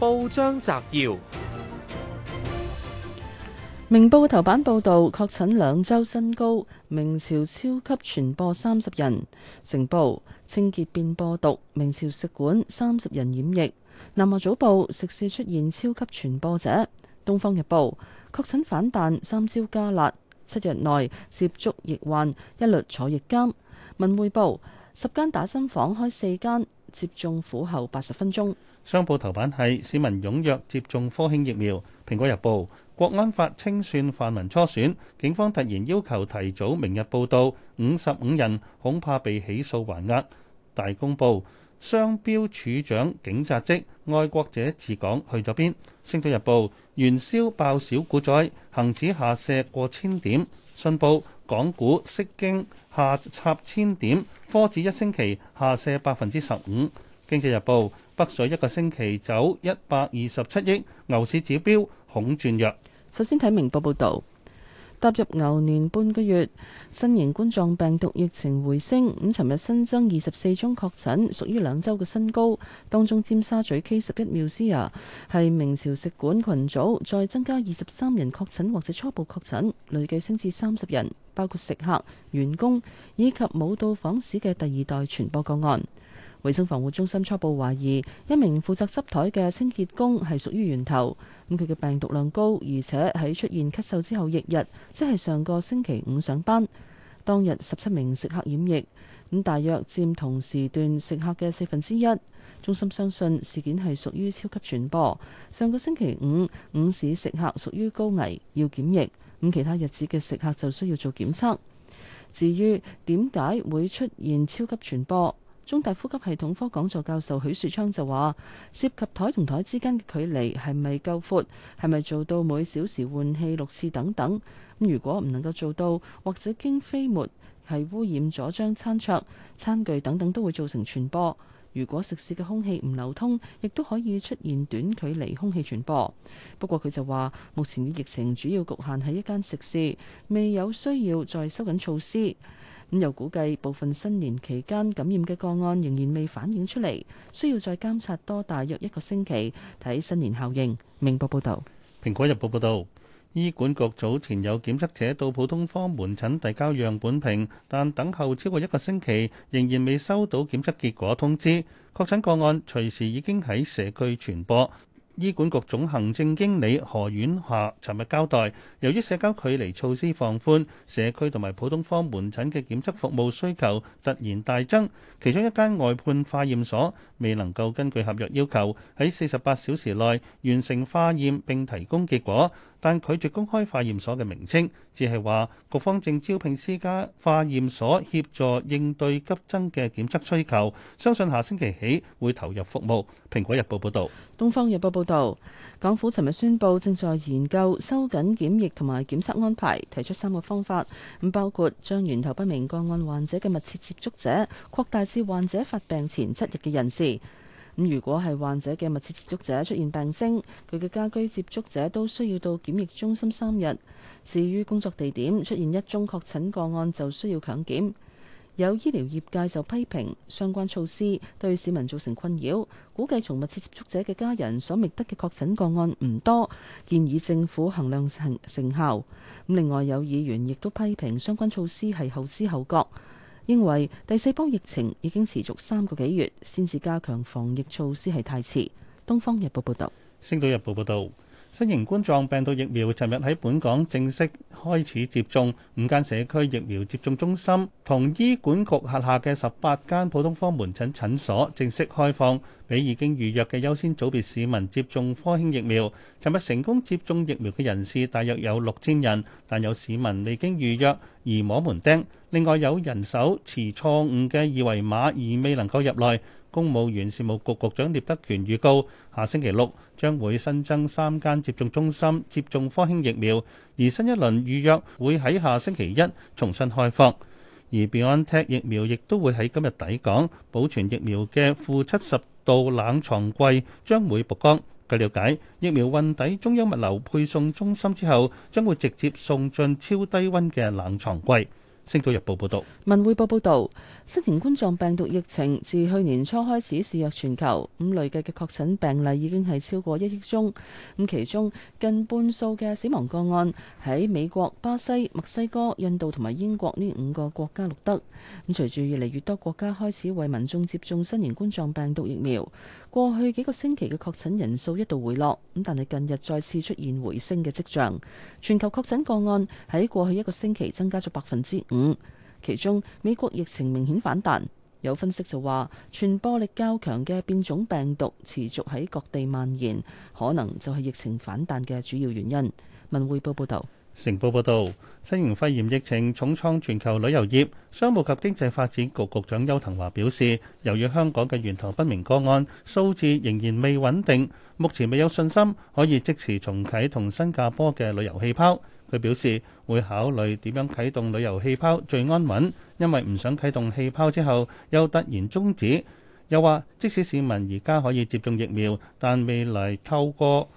報章摘要：明報頭版報道確診兩周新高，明朝超級傳播三十人。成報清潔變播毒，明朝食館三十人染疫。南華早報食肆出現超級傳播者。東方日報確診反彈，三招加辣，七日內接觸疫患一律坐疫監。文匯報十間打針房開四間，接種苦後八十分鐘。商報頭版係市民踴躍接種科興疫苗。蘋果日報：國安法清算泛民初選，警方突然要求提早明日報道，五十五人恐怕被起訴還押。大公報：商標處長警察職，愛國者治港去咗邊？星島日報：元宵爆小股災，恆指下瀉過千點。信報：港股息經下插千點，科指一星期下瀉百分之十五。《經濟日報》，北水一個星期走一百二十七億，牛市指標恐轉弱。首先睇明報報導，踏入牛年半個月，新型冠狀病毒疫情回升。五尋日新增二十四宗確診，屬於兩週嘅新高。當中尖沙咀 K 十一妙思啊，係名潮食館群組再增加二十三人確診或者初步確診，累計升至三十人，包括食客、員工以及冇到訪史嘅第二代傳播個案。衞生防護中心初步懷疑一名負責執台嘅清潔工係屬於源頭，咁佢嘅病毒量高，而且喺出現咳嗽之後翌日，即係上個星期五上班當日，十七名食客染疫，咁大約佔同時段食客嘅四分之一。中心相信事件係屬於超級傳播。上個星期五午市食客屬於高危要檢疫，咁其他日子嘅食客就需要做檢測。至於點解會出現超級傳播？中大呼吸系統科講座教授許樹昌就話，涉及台同台之間嘅距離係咪夠闊，係咪做到每小時換氣六次等等。如果唔能夠做到，或者經飛沫係污染咗張餐桌、餐具等等，都會造成傳播。如果食肆嘅空氣唔流通，亦都可以出現短距離空氣傳播。不過，佢就話目前嘅疫情主要局限喺一間食肆，未有需要再收緊措施。咁又估計部分新年期間感染嘅個案仍然未反映出嚟，需要再監察多大約一個星期，睇新年效應。明報報道：蘋果日報報道，醫管局早前有檢測者到普通科門診遞交樣本瓶，但等候超過一個星期，仍然未收到檢測結果通知，確診個案隨時已經喺社區傳播。醫管局總行政經理何婉霞尋日交代，由於社交距離措施放寬，社區同埋普通科門診嘅檢測服務需求突然大增，其中一間外判化驗所未能夠根據合約要求喺四十八小時內完成化驗並提供結果。但拒絕公開化驗所嘅名稱，只係話局方正招聘私家化驗所協助應對急增嘅檢測需求，相信下星期起會投入服務。蘋果日報報道。東方日報報道，港府尋日宣布正在研究收緊檢疫同埋檢測安排，提出三個方法，咁包括將源頭不明個案患者嘅密切接觸者擴大至患者發病前七日嘅人士。咁如果係患者嘅密切接觸者出現病徵，佢嘅家居接觸者都需要到檢疫中心三日。至於工作地點出現一宗確診個案，就需要強檢。有醫療業界就批評相關措施對市民造成困擾，估計從密切接觸者嘅家人所覓得嘅確診個案唔多，建議政府衡量成成效。咁另外有議員亦都批評相關措施係後知後覺。認為第四波疫情已經持續三個幾月，先至加強防疫措施係太遲。《東方日報》報道，《星島日報》報道。新型冠狀病毒疫苗尋日喺本港正式開始接種，五間社區疫苗接種中心同醫管局轄下嘅十八間普通科門診診所正式開放，俾已經預約嘅優先組別市民接種科興疫苗。尋日成功接種疫苗嘅人士大約有六千人，但有市民未經預約而摸門釘，另外有人手持錯誤嘅二維碼而未能夠入內。公務員事務局局長聶德權預告，下星期六將會新增三間接種中心接種科興疫苗，而新一輪預約會喺下星期一重新開放。而 BioNTech 疫苗亦都會喺今日抵港，保存疫苗嘅負七十度冷藏櫃將會曝光。據了解，疫苗運抵中央物流配送中心之後，將會直接送進超低温嘅冷藏櫃。星島日報報道，文匯報報道，新型冠狀病毒疫情自去年初開始肆虐全球，咁累計嘅確診病例已經係超過一億宗，咁其中近半數嘅死亡個案喺美國、巴西、墨西哥、印度同埋英國呢五個國家錄得。咁隨住越嚟越多國家開始為民眾接種新型冠狀病毒疫苗。過去幾個星期嘅確診人數一度回落，咁但係近日再次出現回升嘅跡象。全球確診個案喺過去一個星期增加咗百分之五，其中美國疫情明顯反彈。有分析就話，傳播力較強嘅變種病毒持續喺各地蔓延，可能就係疫情反彈嘅主要原因。文匯報報道。成報報導，新型肺炎疫情重創全球旅遊業。商務及經濟發展局局長邱騰華表示，由於香港嘅源頭不明個案數字仍然未穩定，目前未有信心可以即時重啟同新加坡嘅旅遊氣泡。佢表示會考慮點樣啟動旅遊氣泡最安穩，因為唔想啟動氣泡之後又突然中止。又話即使市民而家可以接種疫苗，但未來透過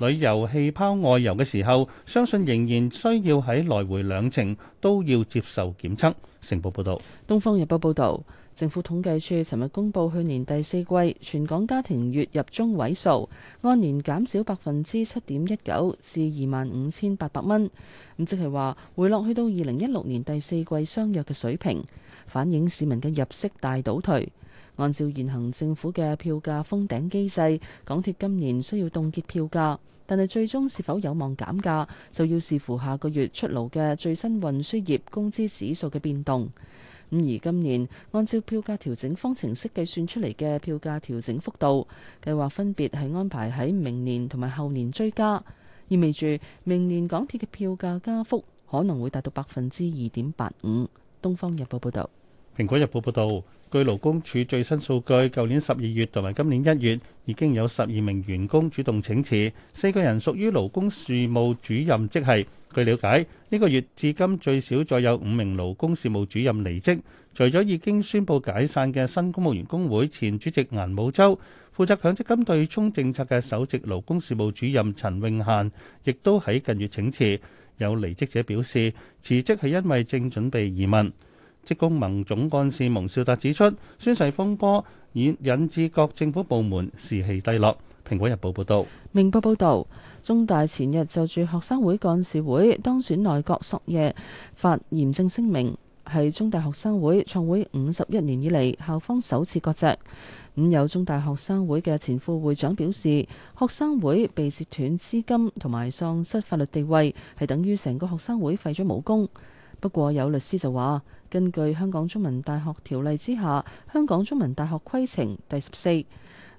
旅遊氣泡外遊嘅時候，相信仍然需要喺來回兩程都要接受檢測。成報報道。東方日報報道，政府統計處尋日公布去年第四季全港家庭月入中位數，按年減少百分之七點一九，至二萬五千八百蚊。咁即係話回落去到二零一六年第四季相約嘅水平，反映市民嘅入息大倒退。按照現行政府嘅票價封頂機制，港鐵今年需要凍結票價。但係最終是否有望減價，就要視乎下個月出爐嘅最新運輸業工資指數嘅變動。咁而今年按照票價調整方程式計算出嚟嘅票價調整幅度，計劃分別係安排喺明年同埋後年追加，意味住明年港鐵嘅票價加幅可能會達到百分之二點八五。東方日報報道。蘋果日報報道。據勞工處最新數據，舊年十二月同埋今年一月，已經有十二名員工主動請辭，四個人屬於勞工事務主任即係。據了解，呢個月至今最少再有五名勞工事務主任離職，除咗已經宣布解散的新公務員工會前主席顏武洲，負責職工盟總幹事蒙兆達指出，宣誓風波已引致各政府部門士氣低落。蘋果日報報道，明報報道，中大前日就住學生會幹事會當選內閣昨夜發嚴正聲明，係中大學生會創會五十一年以嚟校方首次割席。咁有中大學生會嘅前副會長表示，學生會被截斷資金同埋喪失法律地位，係等於成個學生會廢咗武功。不過有律師就話，根據香港中文大學條例之下，香港中文大學規程第十四，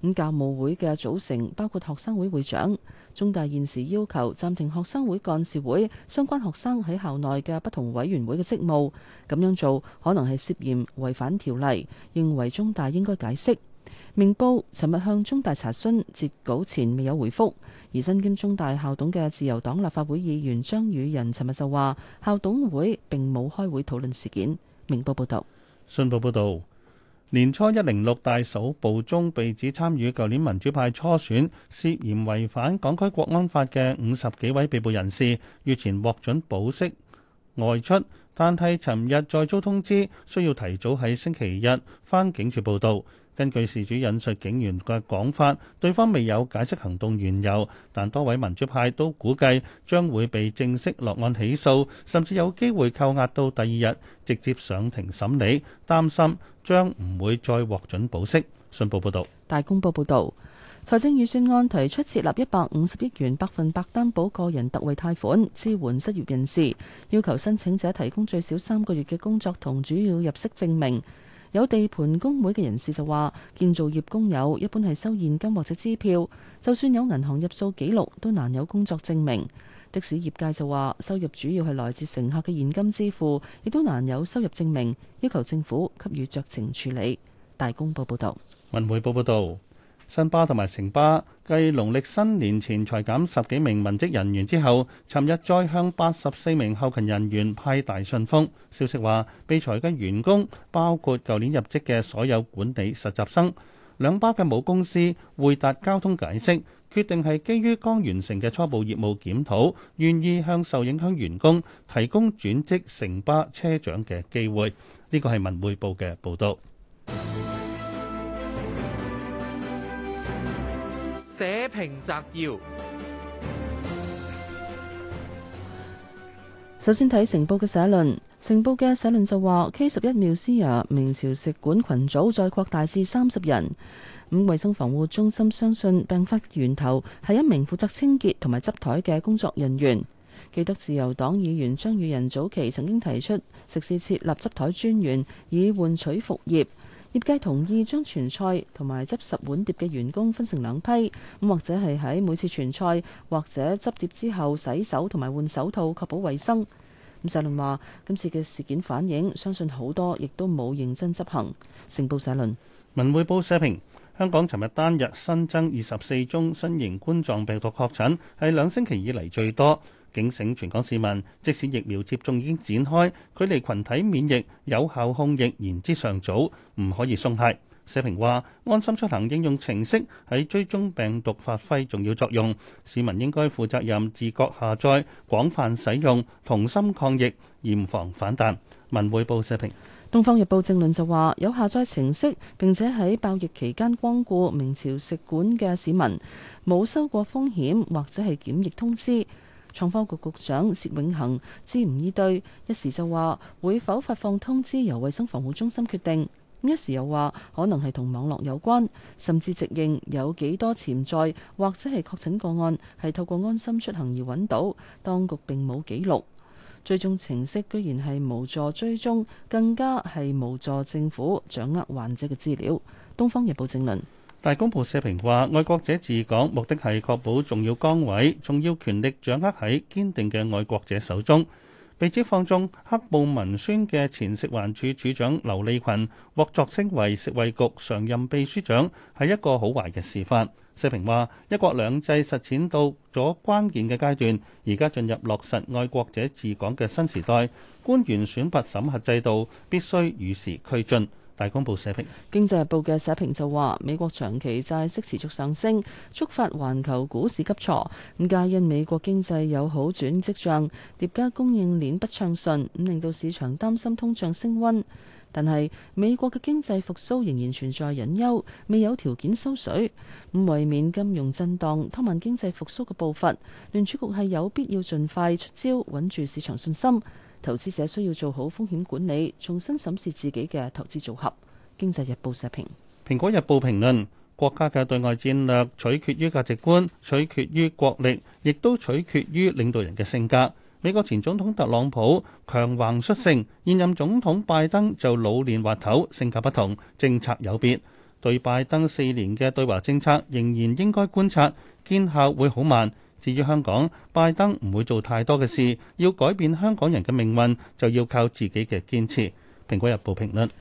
咁教務會嘅組成包括學生會會長。中大現時要求暫停學生會幹事會相關學生喺校內嘅不同委員會嘅職務，咁樣做可能係涉嫌違反條例，認為中大應該解釋。明報尋日向中大查詢，截稿前未有回覆。而身兼中大校董嘅自由黨立法會議員張宇人尋日就話，校董會並冇開會討論事件。明報報道：「信報報道，年初一零六大搜捕中被指參與舊年民主派初選，涉嫌違反港區國安法嘅五十幾位被捕人士，月前獲准保釋外出，但係尋日再遭通知，需要提早喺星期日返警署報到。根據事主引述警員嘅講法，對方未有解釋行動緣由，但多位民主派都估計將會被正式落案起訴，甚至有機會扣押到第二日直接上庭審理，擔心將唔會再獲准保釋。信報報道，大公報報道，財政預算案提出設立一百五十億元百分百擔保個人特惠貸款，支援失業人士，要求申請者提供最少三個月嘅工作同主要入息證明。有地盤工會嘅人士就話：建造業工友一般係收現金或者支票，就算有銀行入數記錄，都難有工作證明。的士業界就話：收入主要係來自乘客嘅現金支付，亦都難有收入證明，要求政府給予酌情處理。大公報報道。文匯報報道。新巴同埋城巴，繼農曆新年前裁減十幾名文職人員之後，尋日再向八十四名後勤人員派大信封，消息話，被裁的員工，包括舊年入職的所有管理實習生。兩巴的母公司匯達交通解釋，決定係基於剛完成的初步業務檢討，願意向受影響員工提供轉職城巴車長的機會。呢個係文匯報的報道。報章摘要。首先睇《成報》嘅社論，《成報》嘅社論就話 K11 妙思亞名潮食館群組再擴大至三十人。咁衛生防護中心相信病發源頭係一名負責清潔同埋執台嘅工作人員。記得自由黨議員張宇人早期曾經提出食肆設立執台專員，以換取服務業。業界同意將傳菜同埋執拾碗碟嘅員工分成兩批，咁或者係喺每次傳菜或者執碟之後洗手同埋換手套，確保衞生。咁社論話今次嘅事件反映，相信好多亦都冇認真執行。成報社論。文匯報社評：香港尋日單日新增二十四宗新型冠狀病毒確診，係兩星期以嚟最多。警醒全港市民，即使疫苗接種已經展開，距離群體免疫有效控疫言之尚早，唔可以鬆懈。社評話：安心出行應用程式喺追蹤病毒發揮重要作用，市民應該負責任，自覺下載，廣泛使用，同心抗疫，嚴防反彈。文匯報社評，東方日報正論就話：有下載程式，並且喺爆疫期間光顧名潮食館嘅市民，冇收過風險或者係檢疫通知。創科局局長薛永恒支吾以對，一時就話會否發放通知由衛生防護中心決定，一時又話可能係同網絡有關，甚至直認有幾多潛在或者係確診個案係透過安心出行而揾到，當局並冇記錄，最終程式居然係無助追蹤，更加係無助政府掌握患者嘅資料。東方日報正論。大公報社評話，愛國者治港目的係確保重要崗位、重要權力掌握喺堅定嘅愛國者手中。被指放縱黑暴文宣嘅前食環署署長劉利群獲擢升為食衛局常任秘書長，係一個好壞嘅示範。社評話，一國兩制實踐到咗關鍵嘅階段，而家進入落實愛國者治港嘅新時代，官員選拔審核制度必須與時俱進。大公報社評，《經濟日報》嘅社評就話：美國長期債息持續上升，觸發環球股市急挫。咁皆因美國經濟有好轉跡象，疊加供應鏈不暢順，咁令到市場擔心通脹升温。但係美國嘅經濟復甦仍然存在隱憂，未有條件收水。咁為免金融震盪拖慢經濟復甦嘅步伐，聯儲局係有必要盡快出招，穩住市場信心。投資者需要做好風險管理，重新審視自己嘅投資組合。經濟日報社評，蘋果日報評論：國家嘅對外戰略取決於價值觀，取決於國力，亦都取決於領導人嘅性格。美國前總統特朗普強橫率性，現任總統拜登就老練滑頭，性格不同，政策有別。對拜登四年嘅對華政策，仍然應該觀察，見效會好慢。至於香港，拜登唔會做太多嘅事。要改變香港人嘅命運，就要靠自己嘅堅持。《蘋果日報》評論。